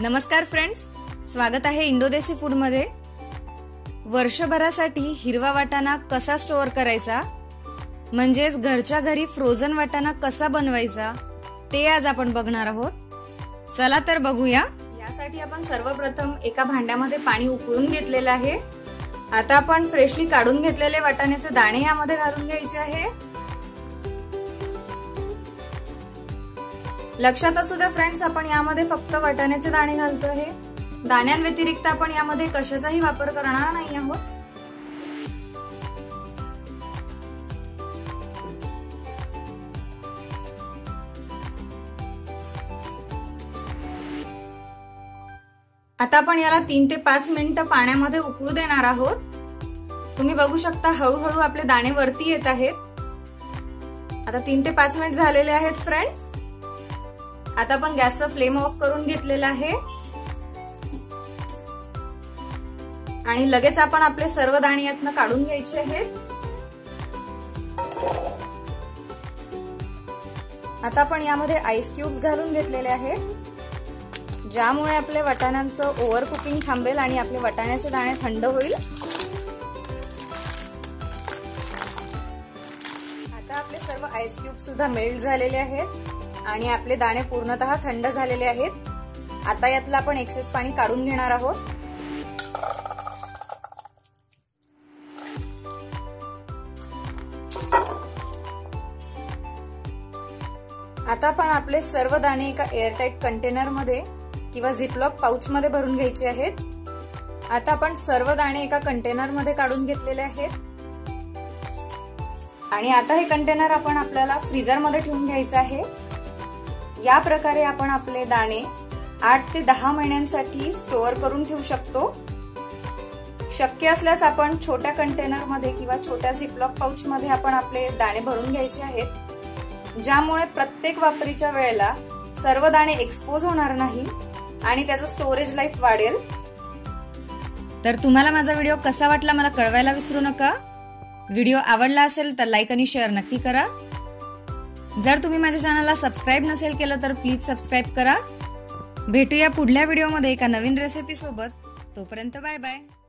नमस्कार फ्रेंड्स स्वागत आहे इंडो फूड फूडमध्ये वर्षभरासाठी हिरवा वाटाणा कसा स्टोअर करायचा म्हणजेच घरच्या घरी फ्रोझन वाटाणा कसा बनवायचा ते आज आपण बघणार आहोत चला तर बघूया यासाठी आपण सर्वप्रथम एका भांड्यामध्ये पाणी उकळून घेतलेलं आहे आता आपण फ्रेशली काढून घेतलेले वाटाण्याचे दाणे यामध्ये घालून घ्यायचे आहे लक्षात असू द्या फ्रेंड्स आपण यामध्ये फक्त वाटाण्याचे दाणे घालतो आहे दाण्यांव्यतिरिक्त आपण यामध्ये कशाचाही वापर करणार नाही आहोत आता आपण याला तीन ते पाच मिनिट पाण्यामध्ये उकळू देणार आहोत तुम्ही बघू शकता हळूहळू आपले दाणे वरती येत आहेत आता तीन ते पाच मिनिट झालेले आहेत फ्रेंड्स आता आपण गॅसचा फ्लेम ऑफ करून घेतलेला आहे आणि लगेच आपण आपले सर्व दाणे यातनं काढून घ्यायचे आहेत आता आपण यामध्ये आईस क्यूब्स घालून घेतलेले आहेत ज्यामुळे आपल्या वाटाण्याचं ओव्हर कुकिंग थांबेल आणि आपले वटाण्याचे दाणे थंड होईल आता आपले सर्व आईस क्यूब सुद्धा मेल्ट झालेले आहेत आणि आपले दाणे पूर्णतः थंड झालेले आहेत आता यातलं आपण एक्सेस पाणी काढून घेणार आहोत आता आपण आपले सर्व दाणे एका एअरटाईट कंटेनर मध्ये किंवा झिपलॉक पाऊच मध्ये भरून घ्यायचे आहेत आता आपण सर्व दाणे एका कंटेनर मध्ये काढून घेतलेले आहेत आणि आता हे कंटेनर आपण आपल्याला फ्रीजर मध्ये ठेवून घ्यायचं आहे या प्रकारे आपण आपले दाणे आठ ते दहा महिन्यांसाठी स्टोअर करून ठेवू शकतो शक्य असल्यास आपण छोट्या कंटेनरमध्ये किंवा छोट्या झिपलॉक पाऊच मध्ये आपण आपले दाणे भरून घ्यायचे आहेत ज्यामुळे प्रत्येक वापरीच्या वेळेला सर्व दाणे एक्सपोज होणार नाही आणि त्याचं स्टोरेज लाईफ वाढेल तर तुम्हाला माझा व्हिडिओ कसा वाटला मला कळवायला विसरू नका व्हिडिओ आवडला असेल तर लाईक आणि शेअर नक्की करा जर तुम्ही माझ्या चॅनलला सबस्क्राईब नसेल केलं तर प्लीज सबस्क्राईब करा भेटूया पुढल्या व्हिडिओमध्ये एका नवीन रेसिपीसोबत तोपर्यंत बाय बाय